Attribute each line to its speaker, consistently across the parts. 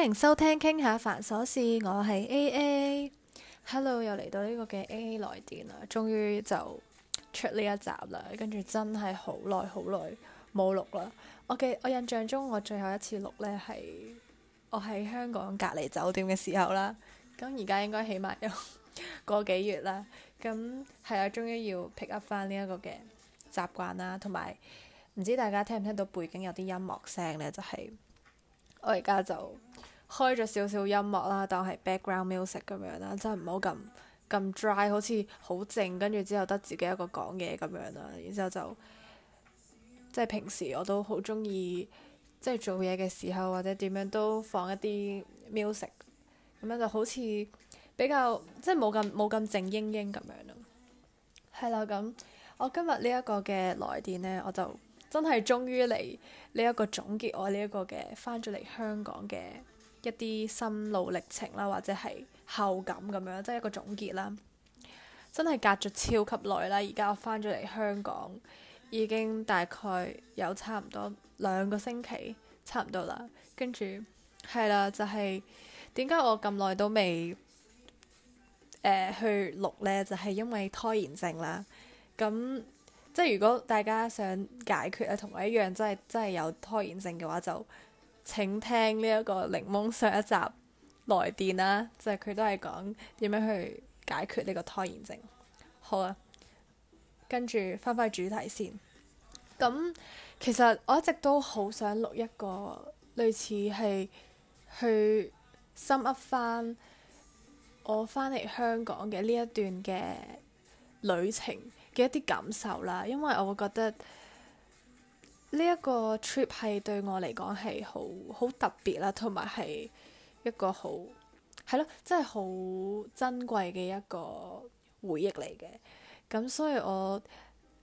Speaker 1: 歡迎收聽傾下煩瑣事，我係 A A，Hello 又嚟到呢個嘅 A A 來電啦，終於就出呢一集啦，跟住真係好耐好耐冇錄啦。我記我印象中我最後一次錄呢係我喺香港隔離酒店嘅時候啦，咁而家應該起碼有個 幾月啦。咁係啊，終於要 pick up 翻呢一個嘅習慣啦，同埋唔知大家聽唔聽到背景有啲音樂聲呢？就係、是、我而家就。開咗少少音樂啦，當係 background music 咁樣啦，真係唔好咁咁 dry，好似好靜，跟住之後得自己一個講嘢咁樣啦。然之後就即係平時我都好中意，即係做嘢嘅時候或者點樣都放一啲 music，咁樣就好似比較即係冇咁冇咁靜音音，英英咁樣啦。係啦，咁我今日呢一個嘅來電呢，我就真係終於嚟呢一個總結我呢一個嘅返咗嚟香港嘅。一啲心路歷程啦，或者係後感咁樣，即係一個總結啦。真係隔咗超級耐啦，而家我返咗嚟香港，已經大概有差唔多兩個星期，差唔多啦。跟住係啦，就係點解我咁耐都未、呃、去錄呢？就係、係、因為拖延症啦。咁即係如果大家想解決呀，同我一樣，真係真係有拖延症嘅話，就。請聽呢一個檸檬上一集來電啦，啊，就係、是，佢都係講點樣去解決呢個拖延症。好啊，跟住翻返主題先。咁，嗯、其實我一直都好想錄一個類似係去深一翻我翻嚟香港嘅呢一段嘅旅程嘅一啲感受啦，因為我覺得，呢一個 trip 係對我嚟講係好好特別啦，同埋係一個好係咯，真係好珍貴嘅一個回憶嚟嘅。咁所以我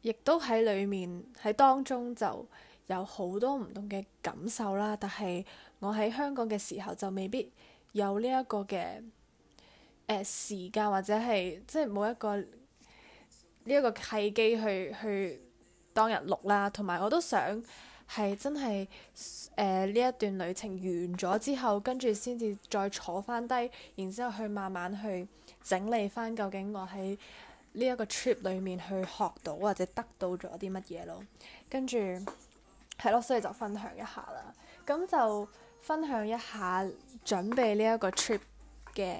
Speaker 1: 亦都喺裡面喺當中就有好多唔同嘅感受啦。但係我喺香港嘅時候就未必有呢、呃、一個嘅誒時間或者係即係冇一個呢一個契機去去。去當日錄啦，同埋我都想係真係誒呢一段旅程完咗之後，跟住先至再坐翻低，然之後去慢慢去整理翻究竟我喺呢一個 trip 裡面去學到或者得到咗啲乜嘢咯。跟住係咯，所以就分享一下啦。咁就分享一下準備呢一個 trip 嘅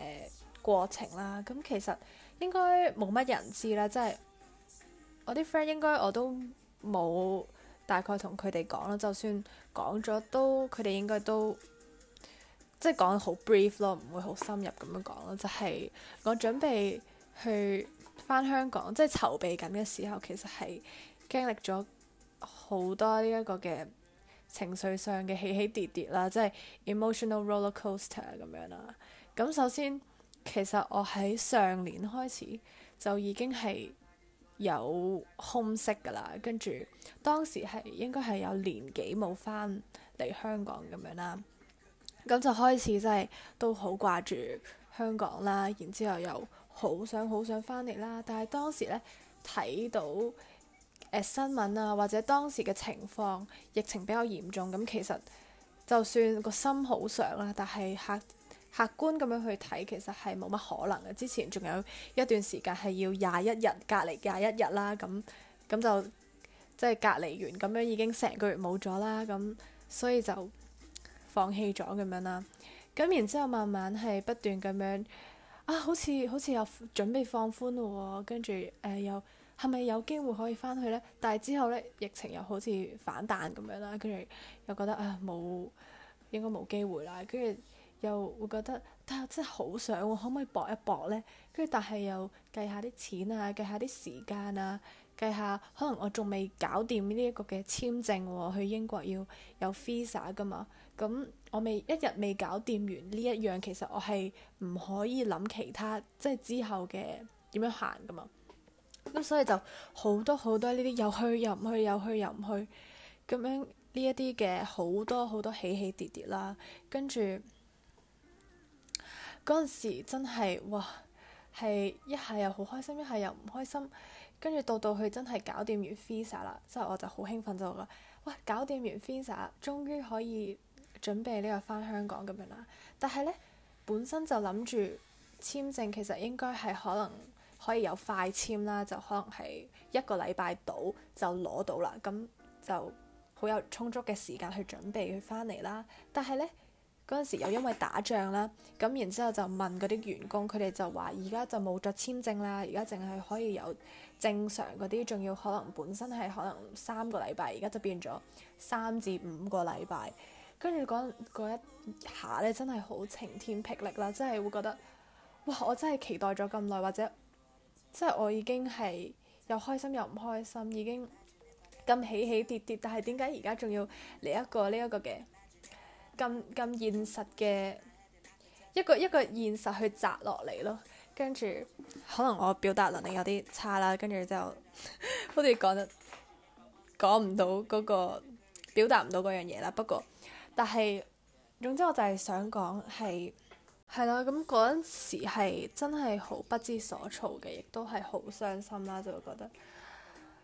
Speaker 1: 過程啦。咁其實應該冇乜人知啦，即係我啲 friend 應該我都。冇大概同佢哋講啦。就算講咗都，佢哋應該都即係講好 brief 咯，唔會好深入咁樣講咯。就係我準備去翻香港，即係籌備緊嘅時候，其實係經歷咗好多呢一個嘅情緒上嘅起起跌跌啦，即係 emotional roller coaster 咁樣啦。咁首先，其實我喺上年開始就已經係。有空隙㗎啦，跟住當時係應該係有年幾冇返嚟香港咁樣啦，咁就開始真係都好掛住香港啦。然之後又好想好想翻嚟啦，但係當時呢，睇到誒新聞啊，或者當時嘅情況疫情比較嚴重，咁其實就算個心好想啦，但係客客觀咁樣去睇，其實係冇乜可能嘅。之前仲有一段時間係要廿一日隔離廿一日啦，咁咁就即係、就是、隔離完，咁樣已經成個月冇咗啦，咁所以就放棄咗咁樣啦。咁然之後慢慢係不斷咁樣，啊好似好似又準備放寬嘞喎，跟住誒又係咪有機會可以翻去呢？但係之後呢，疫情又好似反彈咁樣啦，跟住又覺得啊冇應該冇機會啦，跟住。又會覺得，但係真係好想，我可唔可以搏一搏呢？跟住，但係又計下啲錢啊，計下啲時間啊，計下可能我仲未搞掂呢一個嘅簽證喎、啊，去英國要有 visa 噶嘛。咁我未一日未搞掂完呢一樣，其實我係唔可以諗其他，即係之後嘅點樣行噶嘛。咁、嗯、所以就好多好多呢啲又去又唔去，又去又唔去咁樣呢一啲嘅好多好多，多起起跌跌啦，跟住。嗰陣時真係哇，係一下又好開心，一下又唔開心，跟住到到佢真係搞掂完 Visa 啦，之後我就好興奮，就話：哇，搞掂完 Visa，終於可以準備呢個翻香港咁樣啦！但係呢，本身就諗住簽證其實應該係可能可以有快簽啦，就可能係一個禮拜到就攞到啦，咁就好有充足嘅時間去準備佢翻嚟啦。但係呢。嗰陣時又因為打仗啦，咁然之後就問嗰啲員工，佢哋就話而家就冇咗簽證啦，而家淨係可以有正常嗰啲，仲要可能本身係可能三個禮拜，而家就變咗三至五個禮拜。跟住嗰一下咧，真係好晴天霹靂啦，真係會覺得，哇！我真係期待咗咁耐，或者即係我已經係又開心又唔開心，已經咁起起跌跌，但係點解而家仲要嚟一個呢一個嘅？咁咁現實嘅一個一個現實去摘落嚟咯，跟住可能我表達能力有啲差啦，跟住就 好似講得講唔到嗰個，表達唔到嗰樣嘢啦。不過，但係總之我就係想講係係啦。咁嗰陣時係真係好不知所措嘅，亦都係好傷心啦，就會覺得。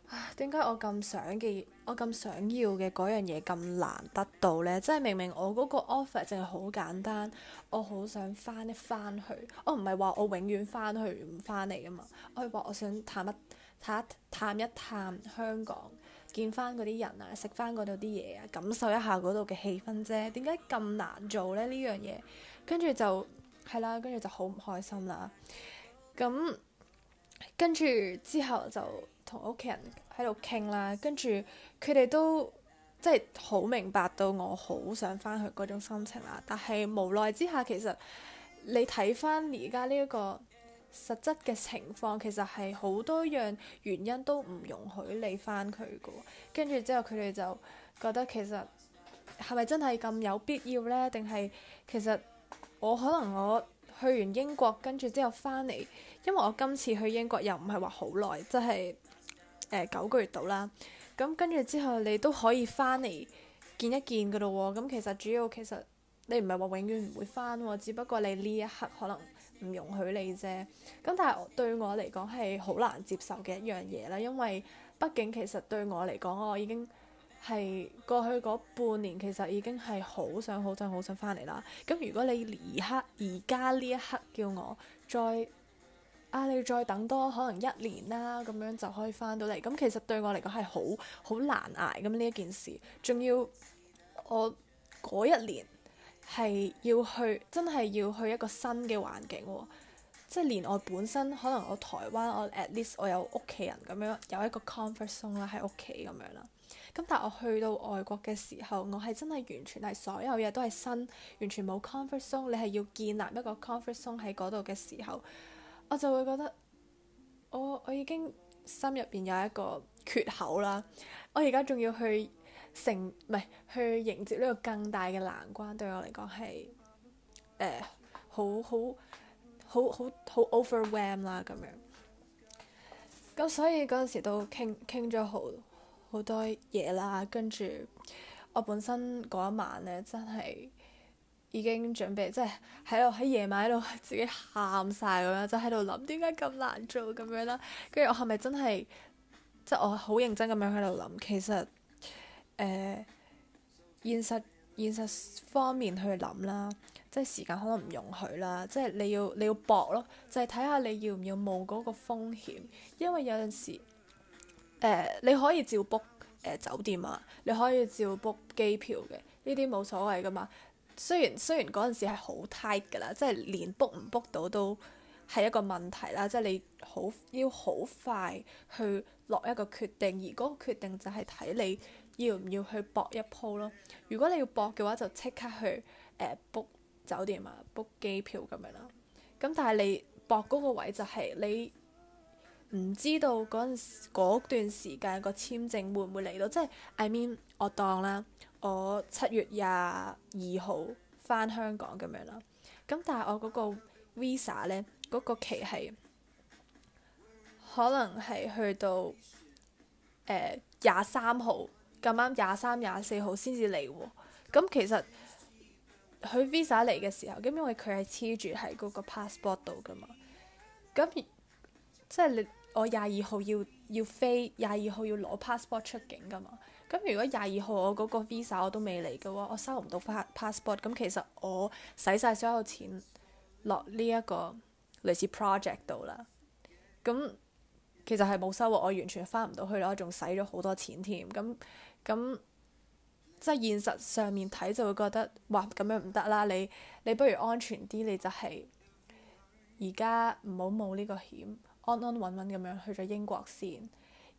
Speaker 1: 唉，點解我咁想嘅，我咁想要嘅嗰樣嘢咁難得到呢？即係明明我嗰個 offer 淨係好簡單，我好想翻一翻去。我唔係話我永遠翻去唔翻嚟㗎嘛，我係話我想探一探一探一探香港，見翻嗰啲人啊，食翻嗰度啲嘢啊，感受一下嗰度嘅氣氛啫。點解咁難做呢？呢樣嘢跟住就係啦，跟住就好唔開心啦。咁跟住之後就～同屋企人喺度傾啦，跟住佢哋都即係好明白到我好想翻去嗰種心情啦。但係無奈之下，其實你睇翻而家呢一個實質嘅情況，其實係好多樣原因都唔容許你翻去嘅。跟住之後，佢哋就覺得其實係咪真係咁有必要呢？定係其實我可能我去完英國，跟住之後翻嚟，因為我今次去英國又唔係話好耐，即係。誒、呃、九個月到啦，咁跟住之後你都可以翻嚟見一見㗎咯喎，咁其實主要其實你唔係話永遠唔會翻喎，只不過你呢一刻可能唔容許你啫，咁但係對我嚟講係好難接受嘅一樣嘢啦，因為畢竟其實對我嚟講，我已經係過去嗰半年其實已經係好想好想好想翻嚟啦，咁如果你而刻而家呢一刻叫我再～啊！你再等多可能一年啦，咁樣就可以翻到嚟。咁其實對我嚟講係好好難捱咁呢一件事，仲要我嗰一年係要去真係要去一個新嘅環境喎。即係連我本身可能我台灣，我 at least 我有屋企人咁樣有一個 comfort zone 啦，喺屋企咁樣啦。咁但係我去到外國嘅時候，我係真係完全係所有嘢都係新，完全冇 comfort zone。你係要建立一個 comfort zone 喺嗰度嘅時候。我就會覺得，我我已經心入邊有一個缺口啦，我而家仲要去成唔係去迎接呢個更大嘅難關，對我嚟講係誒好好好好好 overwhelm 啦咁樣。咁所以嗰陣時都傾傾咗好好多嘢啦，跟住我本身嗰一晚咧真係～已經準備，即係喺度喺夜晚喺度自己喊晒咁樣，即係就喺度諗點解咁難做咁樣啦。跟住我係咪真係即係我好認真咁樣喺度諗？其實誒、呃、現實現實方面去諗啦，即係時間可能唔容許啦，即係你要你要搏咯，就係睇下你要唔要冒嗰個風險，因為有陣時誒、呃、你可以照 book 誒、呃、酒店啊，你可以照 book 機票嘅呢啲冇所謂㗎嘛。雖然雖然嗰陣時係好 tight 㗎啦，即係連 book 唔 book 到都係一個問題啦，即係你好要好快去落一個決定，而嗰個決定就係睇你要唔要去搏一鋪咯。如果你要搏嘅話，就即刻去誒 book、呃、酒店啊，book 機票咁樣啦。咁但係你搏嗰個位就係你唔知道嗰陣段時間個簽證會唔會嚟到，即係 I mean 我當啦。我七月廿二號翻香港咁樣啦，咁但係我嗰個 visa 咧，嗰、嗰個期係可能係去到誒廿三號，咁啱廿三廿四號先至嚟喎。咁、呃、其實佢 visa 嚟嘅時候，咁因為佢係黐住喺嗰個 passport 度噶嘛，咁即係你我廿二號要要飛，廿二號要攞 passport 出境噶嘛。咁如果廿二號我嗰個 visa 我都未嚟嘅話，我收唔到 pass passport，咁其實我使晒所有錢落呢一個類似 project 度啦。咁其實係冇收穫，我完全翻唔到去咯，仲使咗好多錢添。咁咁即係現實上面睇就會覺得，哇咁樣唔得啦！你你不如安全啲，你就係而家唔好冒呢個險，安安穩穩咁樣去咗英國先。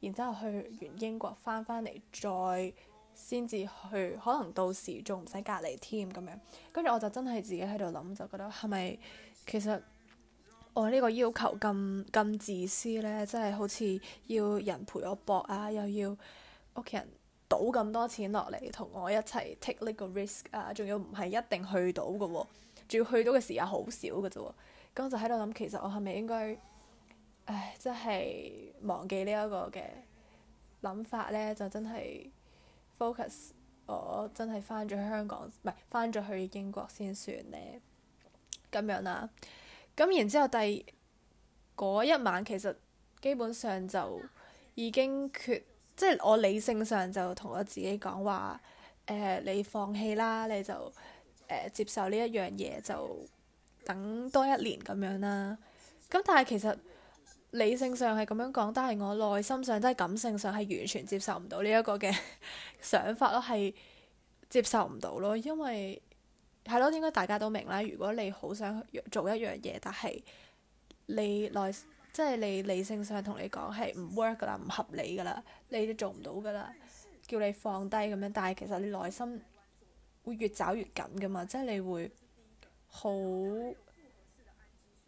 Speaker 1: 然之後去完英國翻返嚟，再先至去，可能到時仲唔使隔離添咁樣。跟住我就真係自己喺度諗，就覺得係咪其實我呢個要求咁咁自私呢？真係好似要人陪我搏啊，又要屋企人賭咁多錢落嚟同我一齊 take 呢個 risk 啊，仲要唔係一定去到嘅喎，哦，仲要去到嘅時間好少嘅啫。咁就喺度諗，其實我係咪應該？唉，真係忘記呢一個嘅諗法呢，就真係 focus。我真係翻咗香港，唔係翻咗去英國先算呢。咁樣啦，咁然之後第一晚，其實基本上就已經決，即係我理性上就同我自己講話，誒、呃，你放棄啦，你就、呃、接受呢一樣嘢，就等多一年咁樣啦。咁但係其實理性上係咁樣講，但係我內心上即係感性上係完全接受唔到呢一個嘅想法咯，係接受唔到咯，因為係咯，應該大家都明啦。如果你好想做一樣嘢，但係你內即係你理性上同你講係唔 work 㗎啦，唔合理㗎啦，你都做唔到㗎啦。叫你放低咁樣，但係其實你內心會越揸越緊㗎嘛，即係你會好。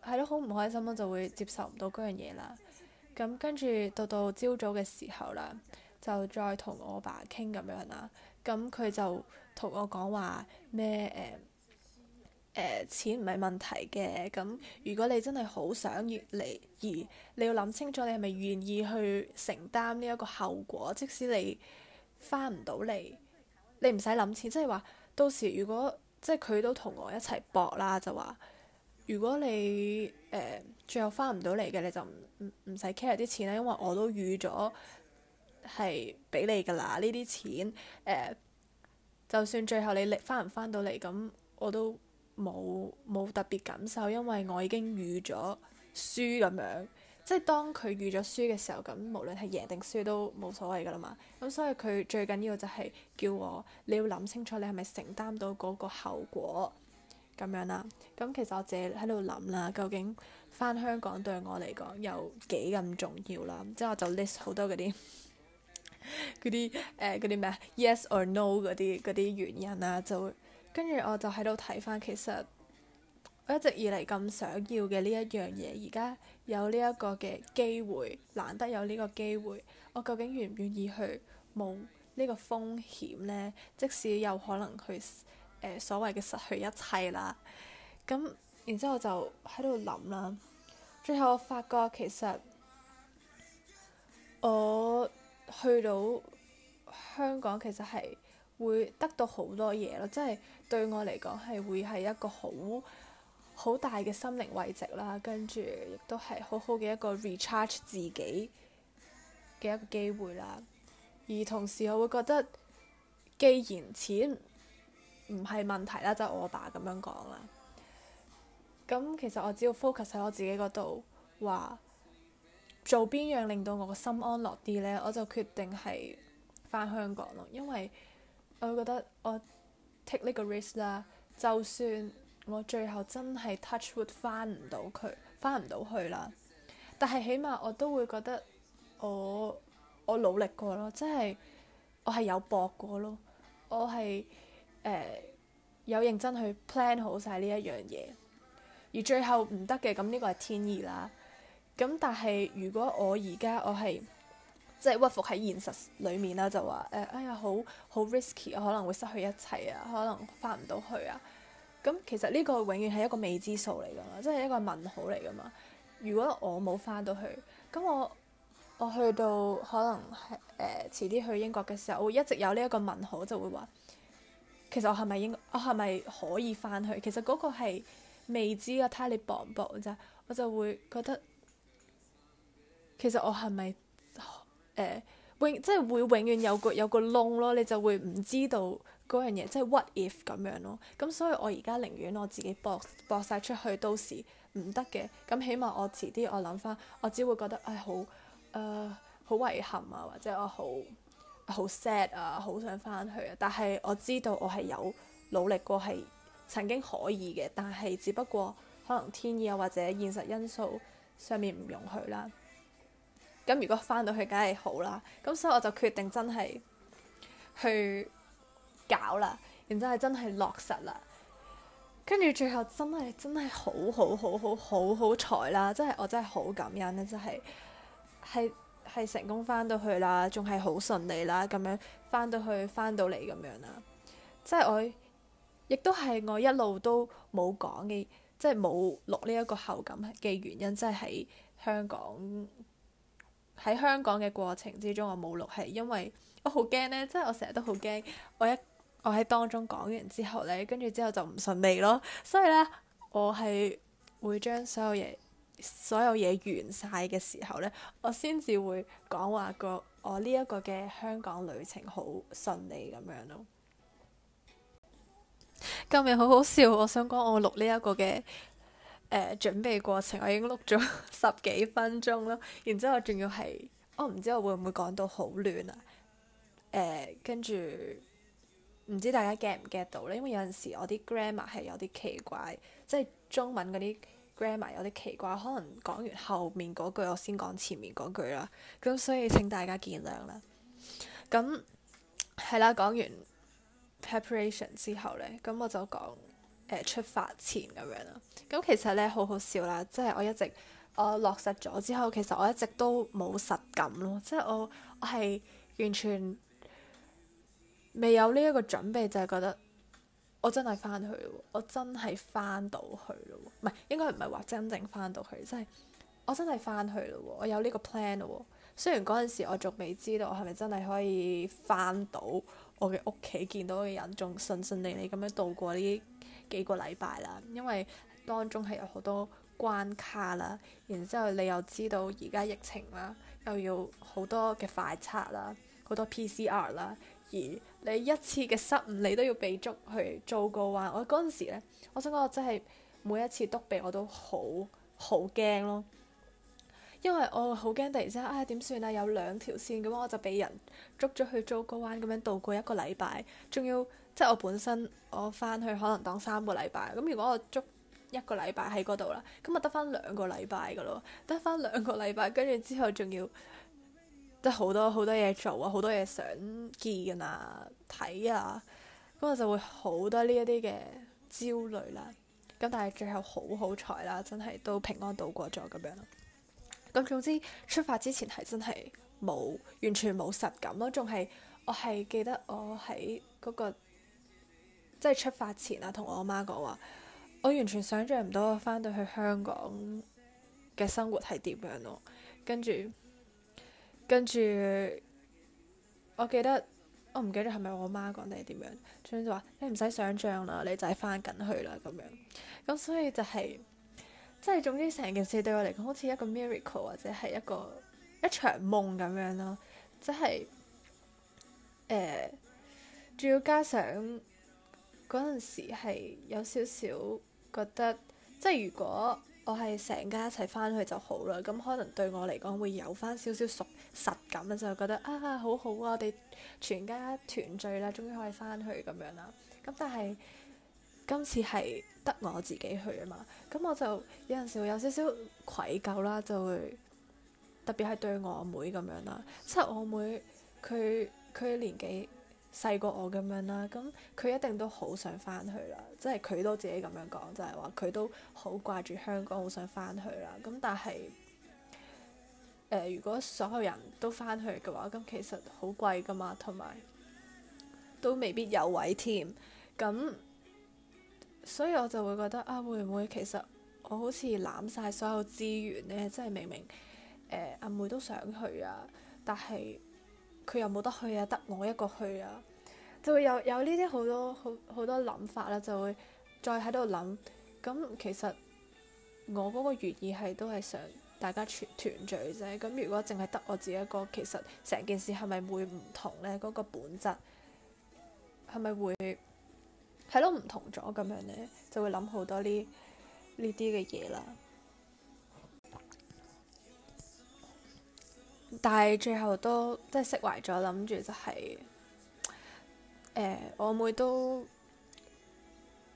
Speaker 1: 係咯，好唔、嗯、開心咯，就會接受唔到嗰樣嘢啦。咁、嗯、跟住到到朝早嘅時候啦，就再同我爸傾咁樣啦。咁、嗯、佢就同我講話咩誒誒錢唔係問題嘅。咁、嗯、如果你真係好想越嚟而你要諗清楚，你係咪願意去承擔呢一個後果？即使你翻唔到嚟，你唔使諗錢，即係話到時如果即係佢都同我一齊搏啦，就話。如果你誒、呃，最後返唔到嚟嘅，你就唔唔使 care 啲錢啦，因為我都預咗係俾你㗎啦，呢啲錢誒、呃，就算最後你力返唔返到嚟，咁我都冇冇特別感受，因為我已經預咗輸咁樣，即係當佢預咗輸嘅時候，咁無論係贏定輸都冇所謂㗎啦嘛。咁所以佢最緊要就係叫我，你要諗清楚，你係咪承擔到嗰個後果？咁樣啦，咁其實我自己喺度諗啦，究竟翻香港對我嚟講有幾咁重要啦？之後我就 list 好多嗰啲嗰啲誒啲咩 yes or no 嗰啲啲原因啦，就跟住我就喺度睇翻，其實我一直以嚟咁想要嘅呢一樣嘢，而家有呢一個嘅機會，難得有呢個機會，我究竟願唔願意去冒呢個風險呢？即使有可能去所謂嘅失去一切啦，咁然之後我就喺度諗啦，最後我發覺其實我去到香港其實係會得到好多嘢咯，即係對我嚟講係會係一個好好大嘅心靈慰藉啦，跟住亦都係好好嘅一個 recharge 自己嘅一個機會啦。而同時我會覺得，既然錢唔係問題啦，就係我爸咁樣講啦。咁其實我只要 focus 喺我自己嗰度，話做邊樣令到我個心安樂啲呢，我就決定係翻香港咯。因為我覺得我 take 呢個 risk 啦，就算我最後真係 touch wood 翻唔到佢，翻唔到去啦，但係起碼我都會覺得我我努力過咯，即係我係有搏過咯，我係。誒、呃、有認真去 plan 好晒呢一樣嘢，而最後唔得嘅咁呢個係天意啦。咁但係如果我而家我係即係屈服喺現實裡面啦，就話誒、呃、哎呀好好 risky，可能會失去一切啊，可能翻唔到去啊。咁其實呢個永遠係一個未知數嚟噶嘛，即係一個問號嚟噶嘛。如果我冇翻到去，咁我我去到可能係誒、呃、遲啲去英國嘅時候，我會一直有呢一個問號，就會話。其實我係咪應？我係咪可以返去？其實嗰個係未知啊，睇你搏唔搏啫。我就會覺得，其實我係咪誒永即係會永遠有個有個窿咯？你就會唔知道嗰樣嘢，即係 what if 咁樣咯。咁所以我而家寧願我自己搏搏曬出去，到時唔得嘅，咁起碼我遲啲我諗返，我只會覺得唉、哎，好誒、呃、好遺憾啊，或者我好。好 sad 啊，好想翻去啊！但係我知道我係有努力過，係曾經可以嘅，但係只不過可能天意啊，或者現實因素上面唔容許啦。咁如果翻到去梗係好啦，咁所以我就決定真係去搞啦，然之後係真係落實啦，跟住最後真係真係好好好好好好彩啦！真係我真係好感恩呢，真係係。係成功翻到去啦，仲係好順利啦，咁樣翻到去翻到嚟咁樣啦。即係我亦都係我一路都冇講嘅，即係冇錄呢一個後感嘅原因，即係喺香港喺香港嘅過程之中，我冇錄係因為我好驚呢。即係我成日都好驚，我一我喺當中講完之後呢，跟住之後就唔順利咯。所以呢，我係會將所有嘢。所有嘢完晒嘅時候呢，我先至會講話個我呢一個嘅香港旅程好順利咁樣咯。今日好好笑，我想講我錄呢一個嘅誒、呃、準備過程，我已經錄咗十幾分鐘啦。然之後仲要係，我、哦、唔知我會唔會講到好亂啊。跟住唔知大家 get 唔 get 到呢？因為有陣時我啲 grammar 係有啲奇怪，即係中文嗰啲。Grammar 有啲奇怪，可能講完後面嗰句我先講前面嗰句啦，咁所以請大家見諒啦。咁係啦，講完 preparation 之後呢，咁我就講、呃、出發前咁樣啦。咁其實呢，好好笑啦，即係我一直我落實咗之後，其實我一直都冇實感咯，即係我我係完全未有呢一個準備，就係覺得。我真係翻去咯，我真係翻到去咯，唔係應該唔係話真正翻到去，真係我真係翻去咯，我有呢個 plan 咯。雖然嗰陣時我仲未知道我係咪真係可以翻到我嘅屋企，見到嘅人，仲順順利利咁樣度過呢幾個禮拜啦。因為當中係有好多關卡啦，然之後你又知道而家疫情啦，又要好多嘅快測啦，好多 PCR 啦，而你一次嘅失誤，你都要被捉去竹篙灣。我嗰陣時咧，我想講我真係每一次篤鼻我都好好驚咯，因為我好驚突然之間唉，點算啊，有兩條線咁，我就畀人捉咗去竹篙灣咁樣度過一個禮拜，仲要即係我本身我翻去可能當三個禮拜咁，如果我捉一個禮拜喺嗰度啦，咁啊得翻兩個禮拜噶咯，得翻兩個禮拜，跟住之後仲要。即係好多好多嘢做啊，好多嘢想見啊、睇啊，咁我就會好多呢一啲嘅焦慮啦。咁但係最後好好彩啦，真係都平安度過咗咁樣啦。咁總之出發之前係真係冇完全冇實感咯，仲係我係記得我喺嗰個即係出發前啊，同我阿媽講話，我完全想象唔到我翻到去香港嘅生活係點樣咯，跟住。跟住，我記得我唔記得係咪我媽講定係點樣，總之就話你唔使想像啦，你就係返緊去啦咁樣。咁所以就係、是，即、就、係、是、總之成件事對我嚟講好似一個 miracle 或者係一個一場夢咁樣咯，即係誒，仲、呃、要加上嗰陣時係有少少覺得，即係如果。我係成家一齊翻去就好啦，咁可能對我嚟講會有翻少少熟實感啊，就覺得啊好好啊，我哋全家團聚啦，終於可以翻去咁樣啦。咁但係今次係得我自己去啊嘛，咁我就有陣時會有少少愧疚啦，就會特別係對我妹咁樣啦，即係我妹佢佢年紀細過我咁樣啦，咁佢一定都好想翻去啦，即係佢都自己咁樣講，就係話佢都好掛住香港，好想翻去啦。咁但係、呃、如果所有人都翻去嘅話，咁其實好貴噶嘛，同埋都未必有位添。咁所以我就會覺得啊，會唔會其實我好似攬晒所有資源呢？即係明明阿、呃、妹妹都想去啊，但係。佢又冇得去啊，得我一個去啊，就會有有呢啲好多好好多諗法啦，就會再喺度諗。咁其實我嗰個願意係都係想大家團團聚啫。咁如果淨係得我自己一個，其實成件事係咪會唔同呢？嗰個本質係咪會係咯唔同咗咁樣呢？就會諗好多呢呢啲嘅嘢啦。但係最後都即係釋懷咗，諗住就係、是，誒、呃、我妹都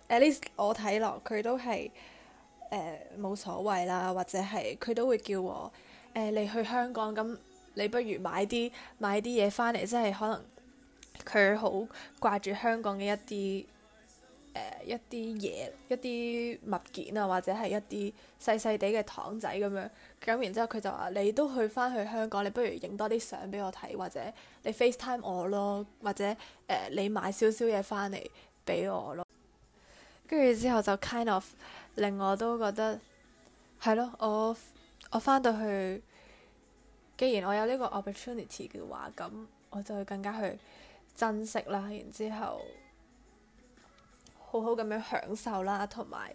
Speaker 1: at least 我睇落佢都係誒冇所謂啦，或者係佢都會叫我誒、呃、你去香港咁，你不如買啲買啲嘢翻嚟，即係可能佢好掛住香港嘅一啲。誒一啲嘢，一啲物件啊，或者係一啲細細地嘅糖仔咁樣。咁然之後佢就話： 你都去翻去香港，你不如影多啲相俾我睇，或者你 FaceTime 我咯，或者誒、呃、你買少少嘢翻嚟俾我咯。跟住之後就 kind of 令我都覺得係咯，我我翻到去，既然我有呢個 opportunity 嘅話，咁我就會更加去珍惜啦。然之後。好好咁樣享受啦，同埋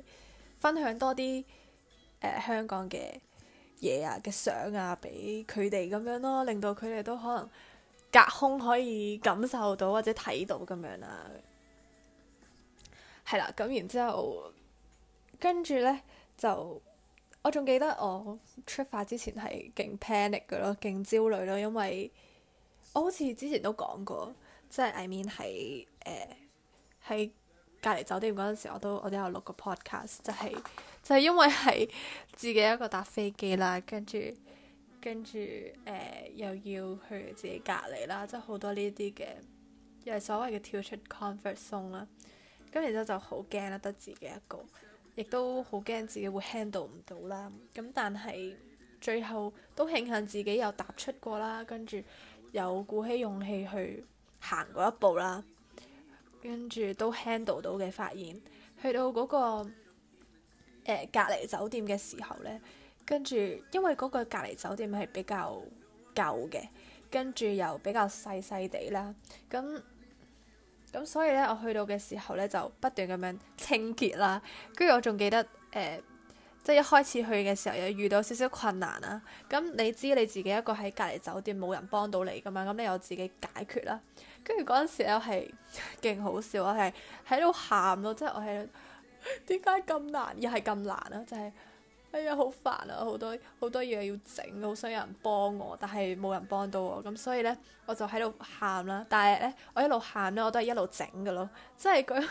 Speaker 1: 分享多啲誒、呃、香港嘅嘢啊嘅相啊，俾佢哋咁樣咯，令到佢哋都可能隔空可以感受到或者睇到咁樣啦、啊。係啦，咁然之後跟住咧，就我仲記得我出發之前係勁 panic 嘅咯，勁焦慮咯，因為我好似之前都講過，即係 I mean 係。呃隔離酒店嗰陣時，我都我都有錄個 podcast，就係、是、就係、是、因為係自己一個搭飛機啦，跟住跟住誒、呃、又要去自己隔離啦，即係好多呢啲嘅，又係所謂嘅跳出 comfort zone 啦。咁然之後就好驚啦，得自己一個，亦都好驚自己會 handle 唔到啦。咁但係最後都慶幸自己有踏出過啦，跟住有鼓起勇氣去行過一步啦。跟住都 handle 到嘅發現，去到嗰個，呃，隔離酒店嘅時候呢，跟住因為嗰個隔離酒店係比較舊嘅，跟住又比較細細地啦，咁咁所以呢，我去到嘅時候呢，就不斷咁樣清潔啦。跟住我仲記得誒、呃，即係一開始去嘅時候有遇到少少困難啦。咁你知你自己一個喺隔離酒店冇人幫到你噶嘛？咁你又自己解決啦。跟住嗰陣時咧係勁好笑，我係喺度喊咯，即係我係點解咁難，又係咁難啊！就係哎呀好煩啊，好多好多嘢要整，好想有人幫我，但係冇人幫到我，咁所以呢，我就喺度喊啦。但係呢，我一路喊呢，我都係一路整嘅咯。即係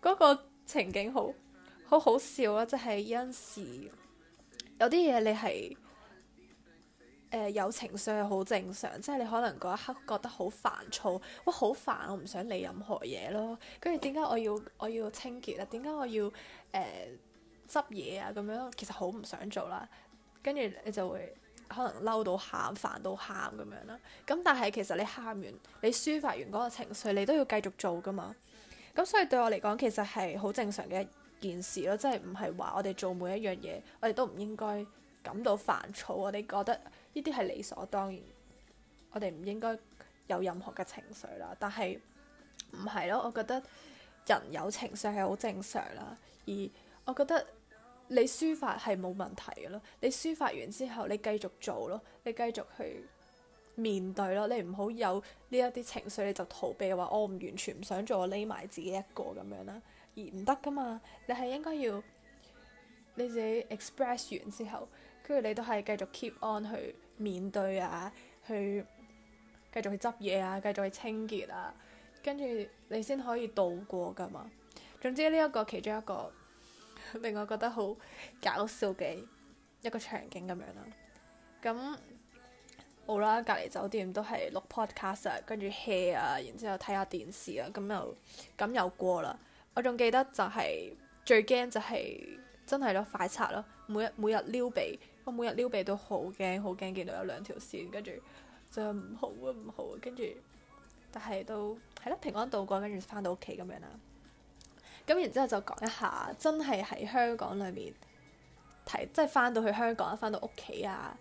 Speaker 1: 嗰個情景好好好笑啊！即係有陣時有啲嘢你係。誒、呃、有情緒係好正常，即係你可能嗰一刻覺得好煩躁，哇好煩，我唔想理任何嘢咯。跟住點解我要我要清潔啊？點解我要誒執嘢啊？咁樣其實好唔想做啦。跟住你就會可能嬲到喊，煩到喊咁樣啦。咁但係其實你喊完，你抒發完嗰個情緒，你都要繼續做噶嘛。咁所以對我嚟講，其實係好正常嘅一件事咯，即係唔係話我哋做每一樣嘢，我哋都唔應該感到煩躁，我哋覺得。呢啲係理所當然，我哋唔應該有任何嘅情緒啦。但係唔係咯？我覺得人有情緒係好正常啦。而我覺得你抒發係冇問題嘅咯。你抒發完之後你繼，你繼續做咯，你繼續去面對咯。你唔好有呢一啲情緒，你就逃避話我唔完全唔想做，我匿埋自己一個咁樣啦。而唔得㗎嘛，你係應該要你自己 express 完之後，跟住你都係繼續 keep on 去。面對啊，去繼續去執嘢啊，繼續去清潔啊，跟住你先可以度過噶嘛。總之呢一個其中一個令我覺得好搞笑嘅一個場景咁樣啦。咁好啦，隔、嗯、離、嗯、酒店都係錄 podcast 啊，跟住 hea 啊，然之後睇下電視啊，咁又咁又過啦。我仲記得就係、是、最驚就係、是、真係咯，快拆咯、啊，每日每日撩鼻。我每日撩鼻都好驚，好驚見到有兩條線，跟住就係唔好啊，唔好啊，跟住，但係都係咯，平安度過，跟住翻到屋企咁樣啦。咁然之後就講一下，真係喺香港裏面睇，即係翻到去香港、翻到屋企啊，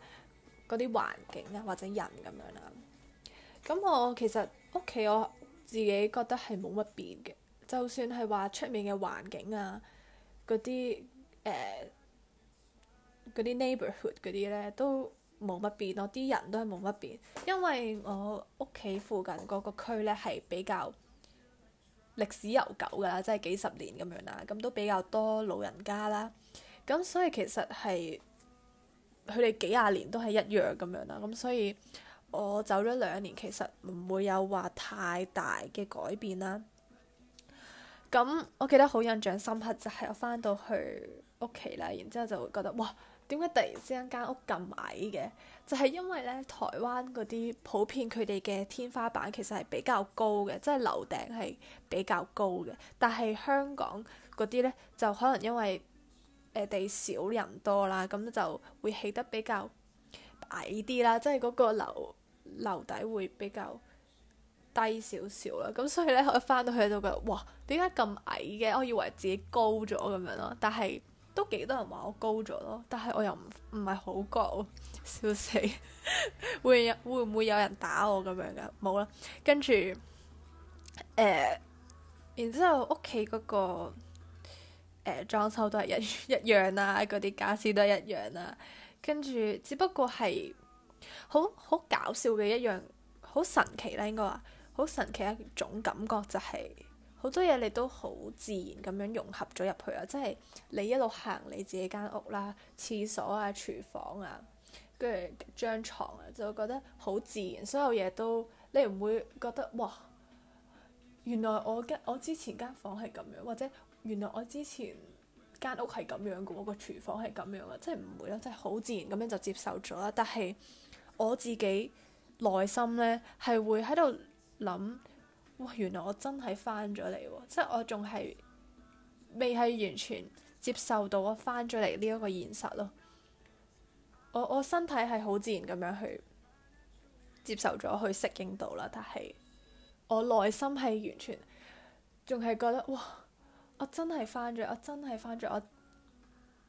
Speaker 1: 嗰啲環境啊或者人咁樣啦。咁我其實屋企我自己覺得係冇乜變嘅，就算係話出面嘅環境啊，嗰啲誒。呃嗰啲 neighborhood 嗰啲呢都冇乜變咯，啲人都係冇乜變，因為我屋企附近嗰個區呢係比較歷史悠久㗎啦，即係幾十年咁樣啦，咁都比較多老人家啦，咁所以其實係佢哋幾廿年都係一樣咁樣啦，咁所以我走咗兩年其實唔會有話太大嘅改變啦。咁我記得好印象深刻就係我翻到去屋企啦，然之後就會覺得哇！點解突然之間間屋咁矮嘅？就係因為咧，台灣嗰啲普遍佢哋嘅天花板其實係比較高嘅，即係樓頂係比較高嘅。但係香港嗰啲咧，就可能因為誒地少人多啦，咁就會起得比較矮啲啦，即係嗰個樓，樓底會比較低少少啦。咁所以咧，我一翻到去度覺得：「哇，點解咁矮嘅？我以為自己高咗咁樣咯，但係都幾多人話我高咗咯，但係我又唔唔係好高，笑死！ 會有會唔會有人打我咁樣嘅？冇啦，跟住誒、呃，然之後屋企嗰個誒裝、呃、修都係一一樣啦、啊，嗰啲傢俬都係一樣啦、啊，跟住只不過係好好搞笑嘅一樣，好神奇啦，應該話好神奇一種感覺就係、是。好多嘢你都好自然咁樣融合咗入去啊！即係你一路行你自己間屋啦、廁所啊、廚房啊，跟住張床啊，就會覺得好自然。所有嘢都你唔會覺得哇！原來我間我之前間房係咁樣，或者原來我之前間屋係咁樣嘅喎，我個廚房係咁樣啊！即係唔會咯，即係好自然咁樣就接受咗啦。但係我自己內心呢，係會喺度諗。哇！原來我真係翻咗嚟喎，即係我仲係未係完全接受到我翻咗嚟呢一個現實咯。我我身體係好自然咁樣去接受咗，去適應到啦。但係我內心係完全仲係覺得哇！我真係翻咗，我真係翻咗，我，我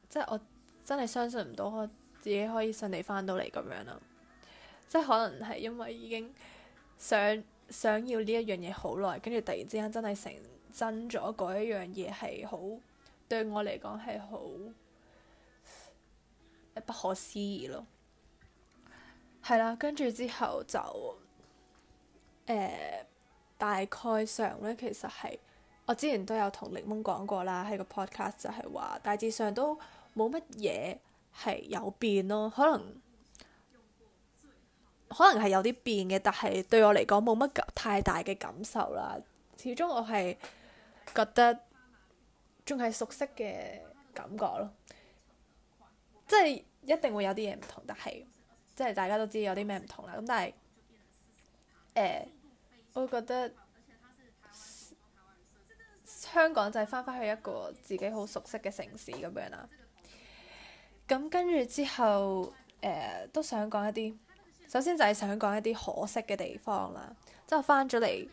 Speaker 1: 即係我真係相信唔到我自己可以順利翻到嚟咁樣啦。即係可能係因為已經想。想要呢一樣嘢好耐，跟住突然之間真係成真咗，嗰一樣嘢係好對我嚟講係好不可思議咯。係啦，跟住之後就誒、呃、大概上咧，其實係我之前都有同檸檬講過啦，喺個 podcast 就係話大致上都冇乜嘢係有變咯，可能。可能係有啲變嘅，但係對我嚟講冇乜太大嘅感受啦。始終我係覺得仲係熟悉嘅感覺咯。即係一定會有啲嘢唔同，但係即係大家都知有啲咩唔同啦。咁但係誒、呃，我覺得香港就係翻返去一個自己好熟悉嘅城市咁樣啦。咁跟住之後誒、呃，都想講一啲。首先就係想講一啲可惜嘅地方啦，之後我翻咗嚟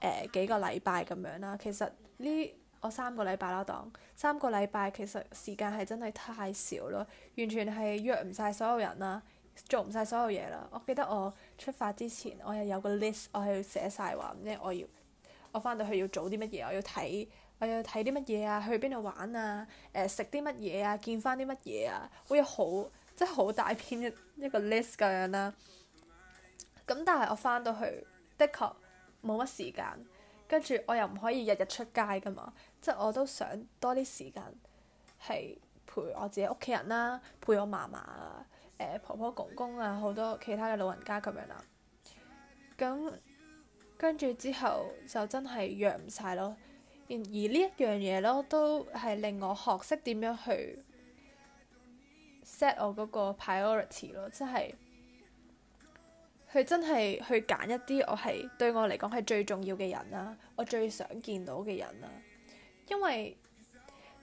Speaker 1: 誒幾個禮拜咁樣啦。其實呢我三個禮拜啦，當三個禮拜其實時間係真係太少咯，完全係約唔晒所有人啦，做唔晒所有嘢啦。我記得我出發之前，我又有個 list，我係要寫晒話我要我翻到去要做啲乜嘢，我要睇我要睇啲乜嘢啊，去邊度玩啊，誒食啲乜嘢啊，見翻啲乜嘢啊，會有好。即係好大篇一個 list 咁樣啦，咁但係我翻到去的確冇乜時間，跟住我又唔可以日日出街噶嘛，即係我都想多啲時間係陪我自己屋企人啦、啊，陪我嫲嫲啊，誒、呃、婆婆公公公啊，好多其他嘅老人家咁樣啦，咁跟住之後就真係約唔曬咯，然而呢一樣嘢咯，都係令我學識點樣去。set 我嗰個 priority 咯，即係佢真係去揀一啲我係對我嚟講係最重要嘅人啦、啊，我最想見到嘅人啦、啊。因為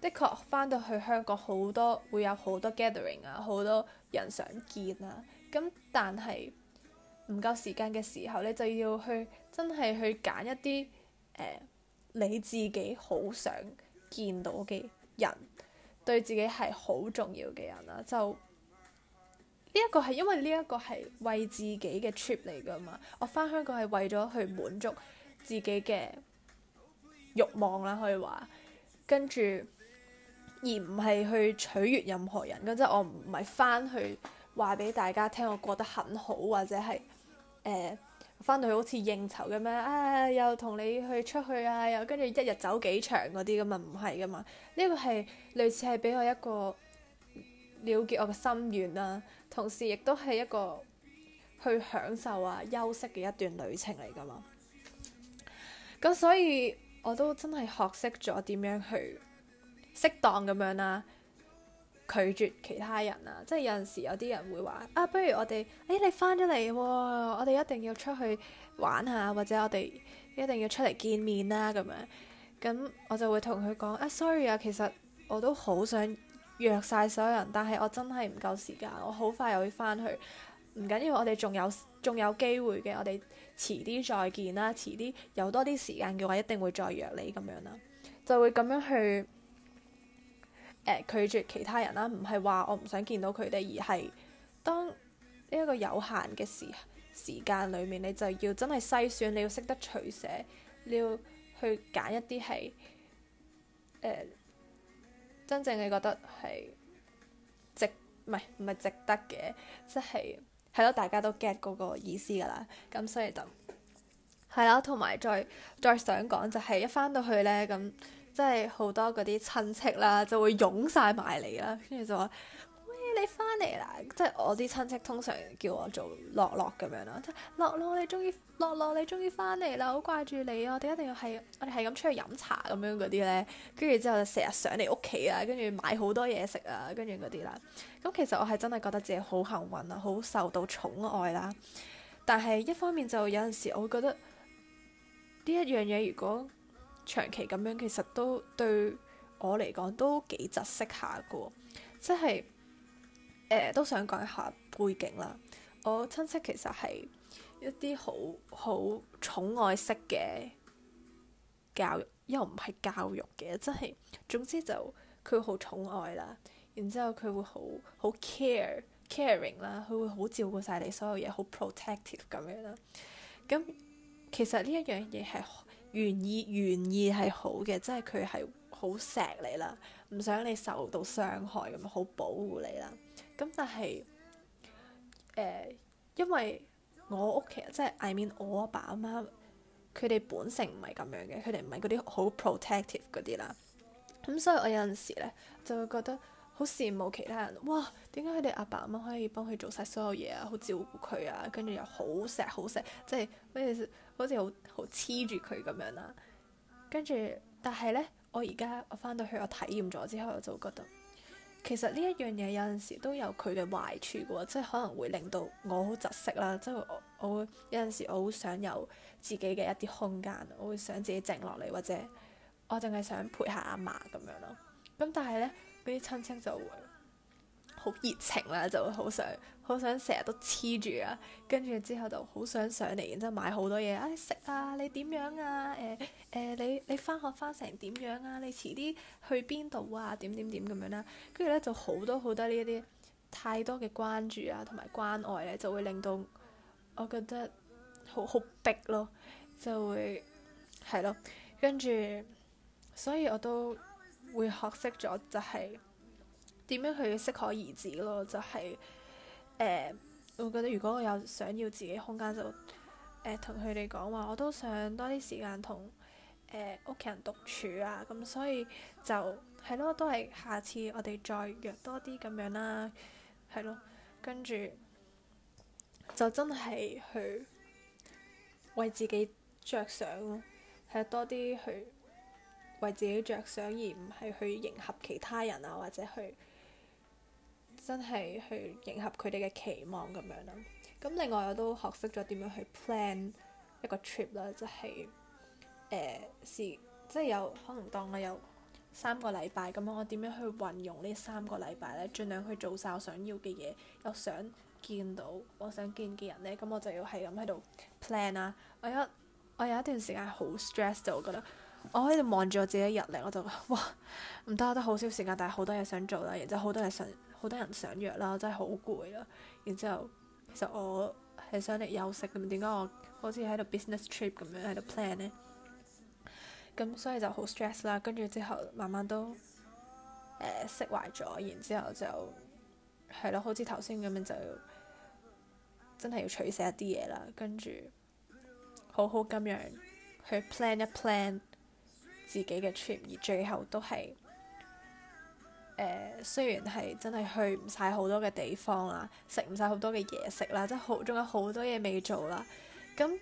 Speaker 1: 的確返到去香港好多會有好多 gathering 啊，好多人想見啊。咁但係唔夠時間嘅時候，你就要去真係去揀一啲誒、呃、你自己好想見到嘅人。對自己係好重要嘅人啦，就呢一個係因為呢一個係為自己嘅 trip 嚟噶嘛，我翻香港係為咗去滿足自己嘅欲望啦，可以話，跟住而唔係去取悅任何人，咁即係我唔係翻去話俾大家聽我過得很好或者係誒。呃翻到去好似應酬咁樣，啊又同你去出去啊，又跟住一日走幾場嗰啲咁啊，唔係噶嘛。呢、這個係類似係俾我一個了結我嘅心願啦、啊，同時亦都係一個去享受啊、休息嘅一段旅程嚟噶嘛。咁所以我都真係學識咗點樣去適當咁樣啦。拒絕其他人啊！即係有陣時有啲人會話啊，不如我哋誒、欸、你翻咗嚟，我哋一定要出去玩下，或者我哋一定要出嚟見面啦咁樣。咁我就會同佢講啊，sorry 啊，其實我都好想約晒所有人，但係我真係唔夠時間，我好快又會翻去。唔緊要，我哋仲有仲有機會嘅，我哋遲啲再見啦，遲啲有多啲時間嘅話，一定會再約你咁樣啦。就會咁樣去。拒絕其他人啦，唔係話我唔想見到佢哋，而係當呢一個有限嘅時時間裏面，你就要真係篩選，你要識得取捨，你要去揀一啲係、呃、真正嘅覺得係值唔係唔係值得嘅，即係係咯，大家都 get 嗰個意思噶啦。咁所以就係啦，同埋再再想講就係一翻到去呢。咁。即係好多嗰啲親戚啦，就會湧晒埋嚟啦，跟住就話：喂，你翻嚟啦！即係我啲親戚通常叫我做樂樂咁樣啦，即係你終於樂樂，樂樂你終於翻嚟啦，好掛住你啊！我哋一定要係我哋係咁出去飲茶咁樣嗰啲咧，跟住之後就成日上嚟屋企啊，跟住買好多嘢食啊，跟住嗰啲啦。咁其實我係真係覺得自己好幸運啊，好受到寵愛啦。但係一方面就有陣時，我會覺得呢一樣嘢如果。長期咁樣其實都對我嚟講都幾窒息下噶，即係、呃、都想講一下背景啦。我親戚其實係一啲好好寵愛式嘅教育，又唔係教育嘅，即係總之就佢好寵愛啦，然之後佢會好好 care、caring 啦，佢會好照顧晒你所有嘢，好 protective 咁樣啦。咁其實呢一樣嘢係。願意願意係好嘅，即係佢係好錫你啦，唔想你受到傷害咁，好保護你啦。咁但係誒、呃，因為我屋企人，即係 I mean 我阿爸阿媽，佢哋本性唔係咁樣嘅，佢哋唔係嗰啲好 protective 嗰啲啦。咁所以我有陣時咧就會覺得好羨慕其他人，哇！點解佢哋阿爸阿媽可以幫佢做晒所有嘢啊，好照顧佢啊，跟住又好錫好錫，即係咩？好似好好黐住佢咁樣啦，跟住但係呢，我而家我翻到去我體驗咗之後，我就覺得其實呢一樣嘢有陣時都有佢嘅壞處嘅喎，即係可能會令到我好窒息啦，即係我，我會有陣時我好想有自己嘅一啲空間，我會想自己靜落嚟，或者我淨係想陪下阿嫲咁樣咯。咁但係呢，嗰啲親戚就會，好熱情啦，就會好想好想成日都黐住啊，跟住之後就好想上嚟，然之後買好多嘢，哎食啊，你點樣啊？誒、呃、誒、呃，你你返學返成點樣啊？你遲啲去邊度啊？點點點咁樣啦，跟住咧就好多好多呢一啲太多嘅關注啊，同埋關愛咧，就會令到我覺得好好逼咯，就會係咯，跟住所以我都會學識咗就係、是。點樣去適可而止咯。就係、係、誒、呃，我覺得如果我有想要自己空間，就誒同佢哋講話，我都想多啲時間同誒屋企人獨處啊。咁所以就係咯，都係下次我哋再約多啲咁樣啦。係咯，跟住就真係去為自己着想咯，係多啲去為自己着想，而唔係去迎合其他人啊，或者去。真係去迎合佢哋嘅期望咁樣啦。咁另外我都學識咗點樣去 plan 一個 trip 啦，呃，即係誒即係有可能當我有三個禮拜咁樣，我點樣去運用呢三個禮拜咧？盡量去做晒我想要嘅嘢，又想見到我想見嘅人咧。咁我就要係咁喺度 plan 啦，啊。我有我有一段時間好 stress 嘅，我覺得我喺度望住我自己一日咧，我就哇唔得，我得好少時間，但係好多嘢想做啦，然之後好多嘢想～好多人想約啦，真係好攰啦。然之後，其實我係想嚟休息咁，點解我好似喺度 business trip 咁樣喺度 plan 呢？咁所以就好 stress 啦。跟住之後，慢慢都誒釋懷咗。然之後就係咯，好似頭先咁樣就，就真係要取捨一啲嘢啦。跟住好好咁樣去 plan 一 plan 自己嘅 trip，而最後都係。誒、呃，雖然係真係去唔晒好多嘅地方啦，食唔晒好多嘅嘢食啦，即係好仲有好多嘢未做啦。咁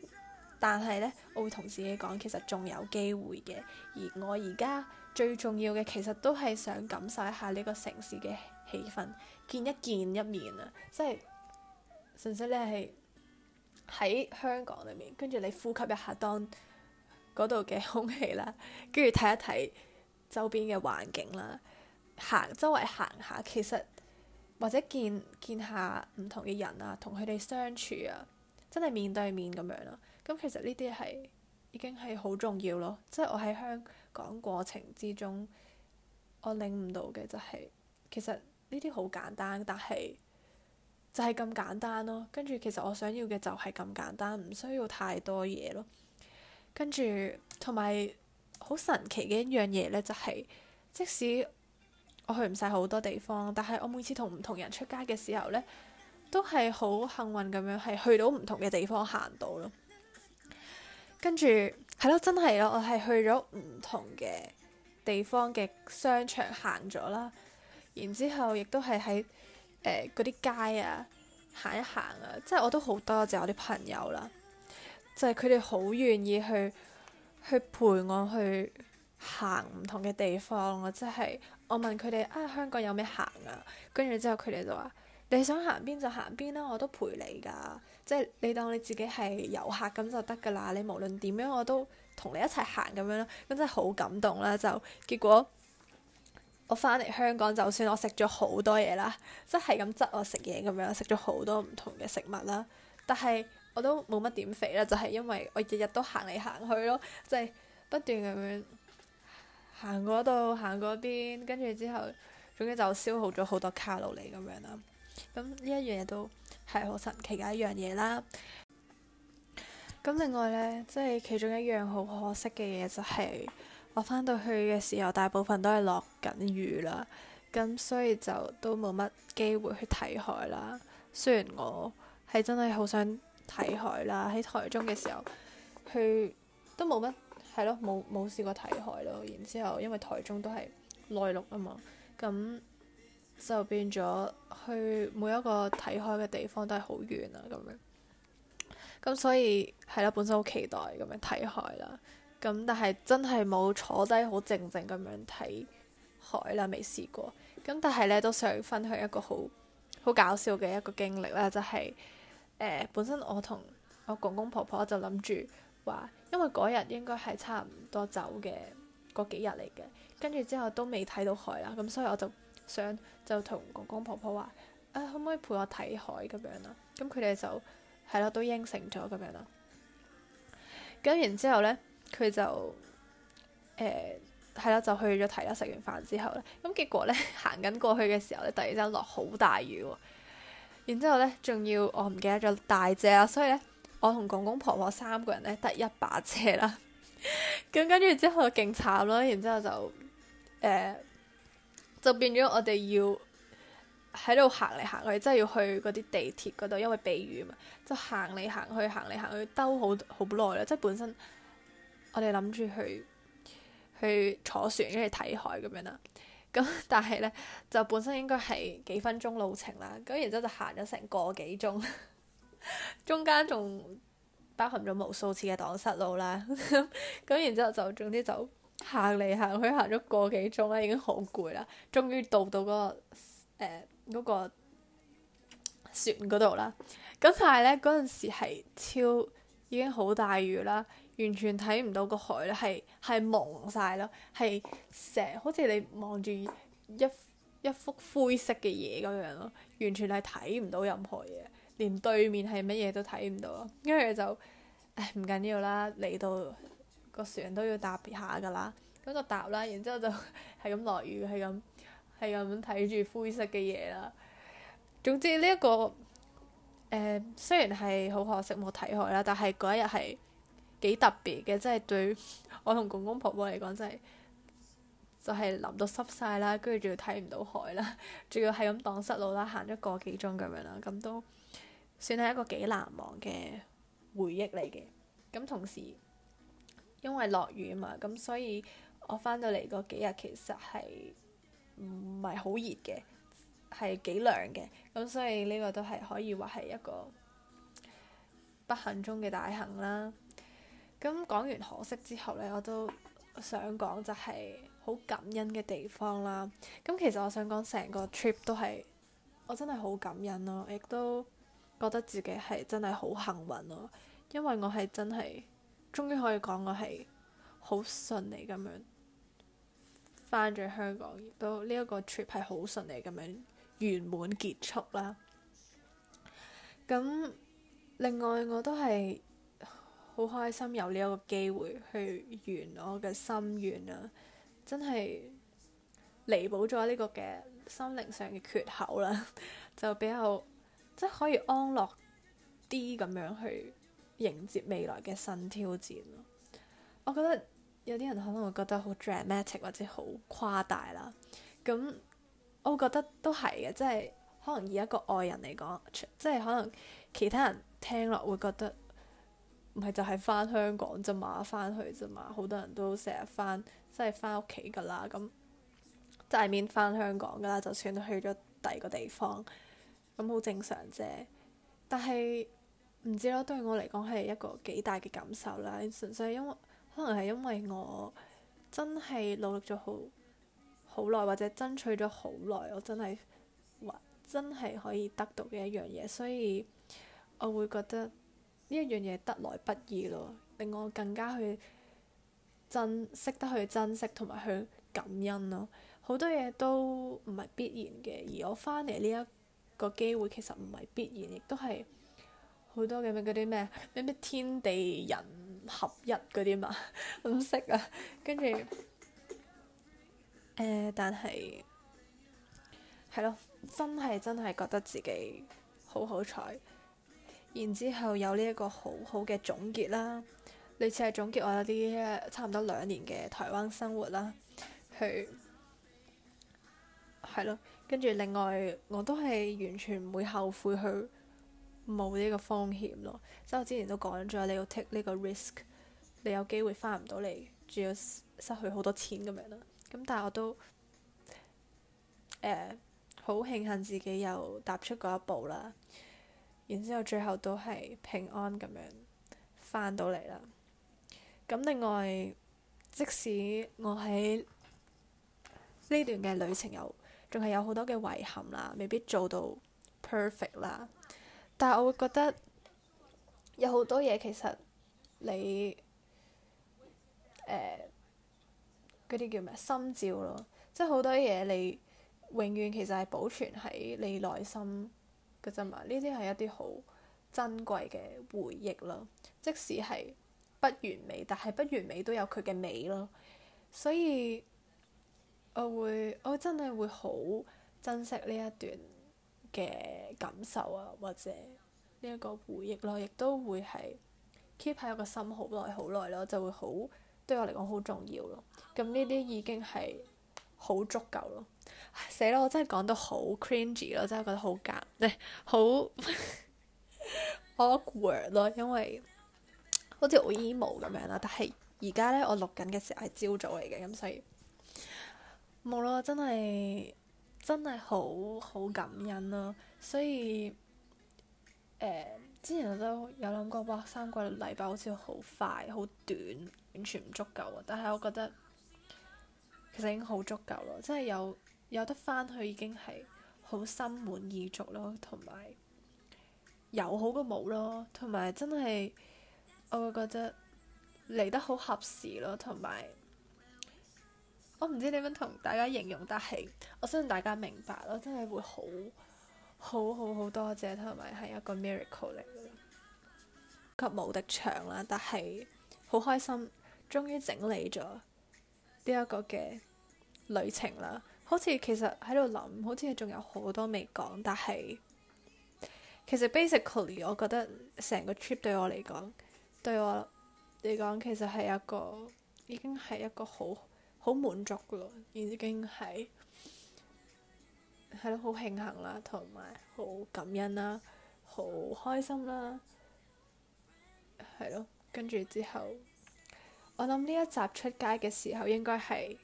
Speaker 1: 但係呢，我會同自己講，其實仲有機會嘅。而我而家最重要嘅，其實都係想感受一下呢個城市嘅氣氛，見一見一面啊，即係純粹你係喺香港裏面，跟住你呼吸一下當嗰度嘅空氣啦，跟住睇一睇周邊嘅環境啦。行周圍行下，其實或者見見下唔同嘅人啊，同佢哋相處啊，真係面對面咁樣咯。咁其實呢啲係已經係好重要咯。即係我喺香港過程之中，我領悟到嘅就係其實呢啲好簡單，但係就係咁簡單咯。跟住其實我想要嘅就係咁簡單，唔需要太多嘢咯。跟住同埋好神奇嘅一樣嘢呢，就係即使。我去唔晒好多地方，但係我每次同唔同人出街嘅時候呢，都係好幸運咁樣係去到唔同嘅地方行到咯。跟住係咯，真係咯，我係去咗唔同嘅地方嘅商場行咗啦。然之後亦都係喺嗰啲街啊行一行啊，即係我都好多謝我啲朋友啦，就係佢哋好願意去去陪我去行唔同嘅地方，我真係。我問佢哋啊，香港有咩行啊？跟住之後佢哋就話：你想行邊就行邊啦，我都陪你㗎。即係你當你自己係遊客咁就得㗎啦。你無論點樣，我都同你一齊行咁樣咯。咁真係好感動啦！就結果我翻嚟香港，就算我食咗好多嘢啦，即係咁執我食嘢咁樣，食咗好多唔同嘅食物啦。但係我都冇乜點肥啦，就係因為我日日都行嚟行去咯，即係不斷咁樣。行嗰度，行嗰邊，跟住之後，總之就消耗咗好多卡路里咁樣啦。咁呢一樣嘢都係好神奇嘅一樣嘢啦。咁另外呢，即係其中一樣好可惜嘅嘢就係、是、我返到去嘅時候，大部分都係落緊雨啦。咁所以就都冇乜機會去睇海啦。雖然我係真係好想睇海啦，喺台中嘅時候去都冇乜。係咯，冇冇試過睇海咯。然之後，因為台中都係內陸啊嘛，咁就變咗去每一個睇海嘅地方都係好遠啊咁樣。咁所以係啦，本身好期待咁樣睇海啦。咁但係真係冇坐低好靜靜咁樣睇海啦，未試過。咁但係咧，都想分享一個好好搞笑嘅一個經歷啦，就係、是、誒、呃、本身我同我公公婆婆就諗住話。因為嗰日應該係差唔多走嘅嗰幾日嚟嘅，跟住之後都未睇到海啦，咁所以我就想就同公公婆婆話，啊可唔可以陪我睇海咁樣啦？咁佢哋就係咯都應承咗咁樣啦。咁然後、呃、之後呢，佢就誒係咯，就去咗睇啦。食完飯之後咧，咁結果呢，行緊過去嘅時候咧，突然之間落好大雨喎。然之後呢，仲要我唔記得咗大隻啦，所以呢。我同公公婆婆三個人咧得一把遮啦，咁 跟住之後勁慘啦，然之後就誒、呃、就變咗我哋要喺度行嚟行去，即、就、係、是、要去嗰啲地鐵嗰度，因為避雨嘛，就行嚟行去，行嚟行去，兜好好耐啦，即係本身我哋諗住去去坐船跟住睇海咁樣啦，咁但係咧就本身應該係幾分鐘路程啦，咁然之後就行咗成個幾鐘。中間仲包含咗無數次嘅蕩失路啦，咁 然之後就總之就行嚟行去行咗個幾鐘啦，已經好攰啦，終於到到嗰、嗰個誒、呃嗰個船嗰度啦，咁但係咧嗰陣時係超已經好大雨啦，完全睇唔到個海咧，係係蒙晒咯，係成好似你望住一一幅灰色嘅嘢咁樣咯，完全係睇唔到任何嘢。連對面係乜嘢都睇唔到咯，跟住就唉，唔緊要啦，嚟到、個船都要搭下噶啦，咁就搭啦，然之後就係咁落雨，係咁係咁睇住灰色嘅嘢啦。總之呢、這、一個誒、呃、雖然係好可惜冇睇海啦，但係嗰一日係幾特別嘅，即係對我同公公婆婆嚟講真係就係、是、淋到濕晒啦，跟住仲要睇唔到海啦，仲要係咁蕩失路啦，行咗個幾鐘咁樣啦，咁都～算係一個幾難忘嘅回憶嚟嘅。咁同時因為落雨嘛，咁所以我翻到嚟嗰幾日其實係唔係好熱嘅，係幾涼嘅。咁所以呢個都係可以話係一個不幸中嘅大幸啦。咁講完可惜之後呢，我都想講就係好感恩嘅地方啦。咁其實我想講成個 trip 都係我真係好感恩咯、啊，亦都。覺得自己係真係好幸運咯，因為我係真係，終於可以講我係好順利咁樣翻咗香港，亦都呢一個 trip 係好順利咁樣圓滿結束啦。咁另外我都係好開心有呢一個機會去圓我嘅心願啊，真係彌補咗呢個嘅心靈上嘅缺口啦，就比較。即係可以安樂啲咁樣去迎接未來嘅新挑戰。我覺得有啲人可能會覺得好 dramatic 或者好誇大啦。咁我覺得都係嘅，即係可能以一個外人嚟講，即係可能其他人聽落會覺得唔係就係翻香港啫嘛，翻去啫嘛，好多人都成日翻，即係翻屋企噶啦，咁即係面翻香港噶啦，就算去咗第二個地方。咁好正常啫，但係唔知咯。對我嚟講係一個幾大嘅感受啦。純粹因為可能係因為我真係努力咗好好耐，或者爭取咗好耐，我真係真係可以得到嘅一樣嘢，所以我會覺得呢一樣嘢得來不易咯，令我更加去珍識得去珍惜同埋去感恩咯。好多嘢都唔係必然嘅，而我翻嚟呢一個機會其實唔係必然，亦都係好多嘅咩嗰啲咩咩咩天地人合一嗰啲嘛，唔 識懂啊。跟住誒，但係係咯，真係真係覺得自己好好彩。然之後有呢一個好好嘅總結啦，類似係總結我有啲差唔多兩年嘅台灣生活啦，係係咯。跟住，另外我都係完全唔會後悔去冒呢個風險咯。即係我之前都講咗，你要 take 呢個 risk，你有機會返唔到嚟，仲要失去好多錢咁樣啦。咁但係我都誒好慶幸自己又踏出嗰一步啦。然之後最後都係平安咁樣返到嚟啦。咁另外，即使我喺呢段嘅旅程有～仲係有好多嘅遺憾啦，未必做到 perfect 啦，但係我會覺得有好多嘢其實你呃、嗰啲叫咩心照咯，即係好多嘢你永遠其實係保存喺你內心嘅啫嘛，呢啲係一啲好珍貴嘅回憶咯，即使係不完美，但係不完美都有佢嘅美咯，所以。我會，我真係會好珍惜呢一段嘅感受啊，或者呢一個回憶咯、啊，亦都會係 keep 喺我個心好耐好耐咯，就會好，對我嚟講好重要咯、啊。咁呢啲已經係好足夠咯。死啦！我真係講得好 cringy 咯，真係覺得好尷，唔係好 awkward 咯、啊，因為好似好 emo 咁樣啦。但係而家咧，我錄緊嘅時候係朝早嚟嘅，咁所以。冇咯，真係真係好好感恩咯，所以誒、呃、之前我都有諗過，哇三個禮拜好似好快、好短，完全唔足夠啊！但係我覺得其實已經好足夠咯，即係有有得翻去已經係好心滿意足咯，同埋有好過冇咯，同埋真係我會覺得嚟得好合時咯，同埋。我唔知點樣同大家形容得係，但係我相信大家明白囉。我真係會好好好好多謝，同埋係一個 miracle 嚟嘅及無敵長啦。但係好開心，終於整理咗呢一個嘅旅程啦。好似其實喺度諗，好似仲有好多未講，但係其實 basically，我覺得成個 trip 對我嚟講，對我嚟講，其實係一個已經係一個好。好滿足噶咯，已經係係咯，好慶幸啦，同埋好感恩啦，好開心啦，係咯，跟住之後，我諗呢一集出街嘅時候應該係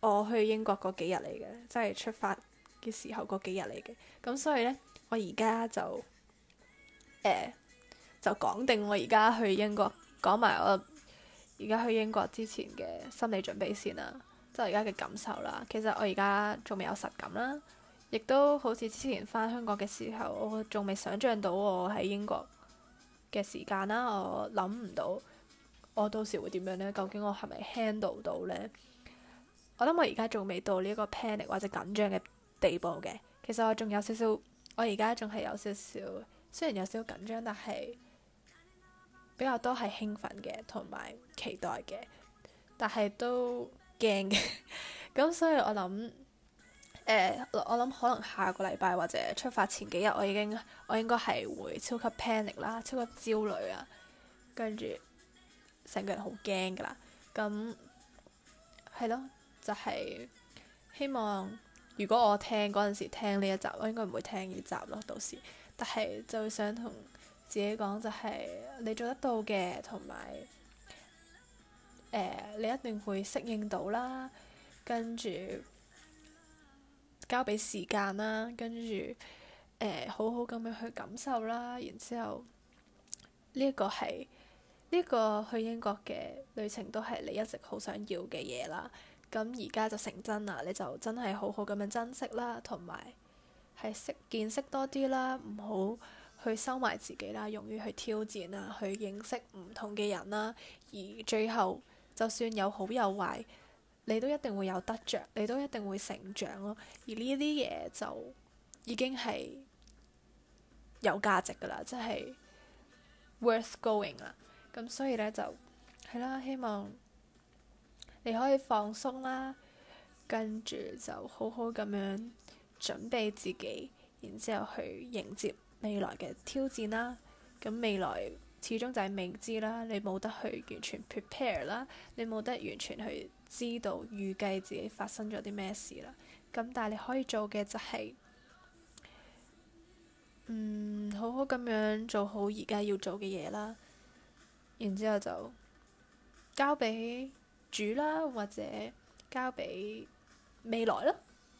Speaker 1: 我去英國嗰幾日嚟嘅，即係出發嘅時候嗰幾日嚟嘅，咁所以咧，我而家就誒、呃、就講定我而家去英國講埋我。而家去英國之前嘅心理準備先啦，即係而家嘅感受啦。其實我而家仲未有實感啦，亦都好似之前返香港嘅時候，我仲未想象到我喺英國嘅時間啦。我諗唔到我到時會點樣呢？究竟我係咪 handle 到呢？我諗我而家仲未到呢個 panic 或者緊張嘅地步嘅。其實我仲有少少，我而家仲係有少少，雖然有少少緊張，但係。比較多係興奮嘅，同埋期待嘅，但係都驚嘅。咁 所以我諗，誒、呃、我諗可能下個禮拜或者出發前幾日，我已經我應該係會超級 panic 啦，超級焦慮啊，跟住成個人好驚㗎啦。咁係咯，就係、是、希望如果我聽嗰陣時聽呢一集，我應該唔會聽呢集咯。到時，但係就會想同。自己講就係你做得到嘅，同埋誒你一定會適應到啦，跟住交俾時間啦，跟住誒好好咁樣去感受啦，然之後呢個係呢個去英國嘅旅程都係你一直好想要嘅嘢啦，咁而家就成真啦，你就真係好好咁樣珍惜啦，同埋係識見識多啲啦，唔好。去收埋自己啦，勇於去挑戰啊，去認識唔同嘅人啦。而最後就算有好有壞，你都一定會有得着，你都一定會成長咯。而呢啲嘢就已經係有價值噶啦，即係 worth going 啦。咁所以咧就係啦，希望你可以放鬆啦，跟住就好好咁樣準備自己，然之後去迎接。未來嘅挑戰啦，咁未來始終就係未知啦。你冇得去完全 prepare 啦，你冇得完全去知道預計自己發生咗啲咩事啦。咁但係你可以做嘅就係，嗯，好好咁樣做好而家要做嘅嘢啦。然之後就交俾主啦，或者交俾未來咯，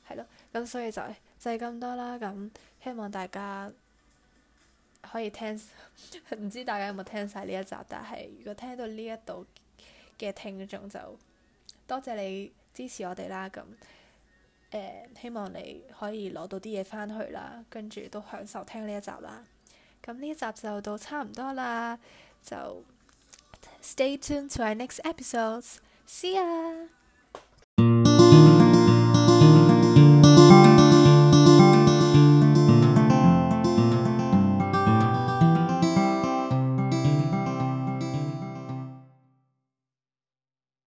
Speaker 1: 係咯。咁所以就係、就係咁多啦。咁希望大家，可以聽，唔 知大家有冇聽晒呢一集？但係如果聽到呢一度嘅聽眾就多謝你支持我哋啦。咁誒、呃，希望你可以攞到啲嘢翻去啦，跟住都享受聽呢一集啦。咁呢一集就到差唔多啦，就 stay tuned to our next episodes See、嗯。See ya！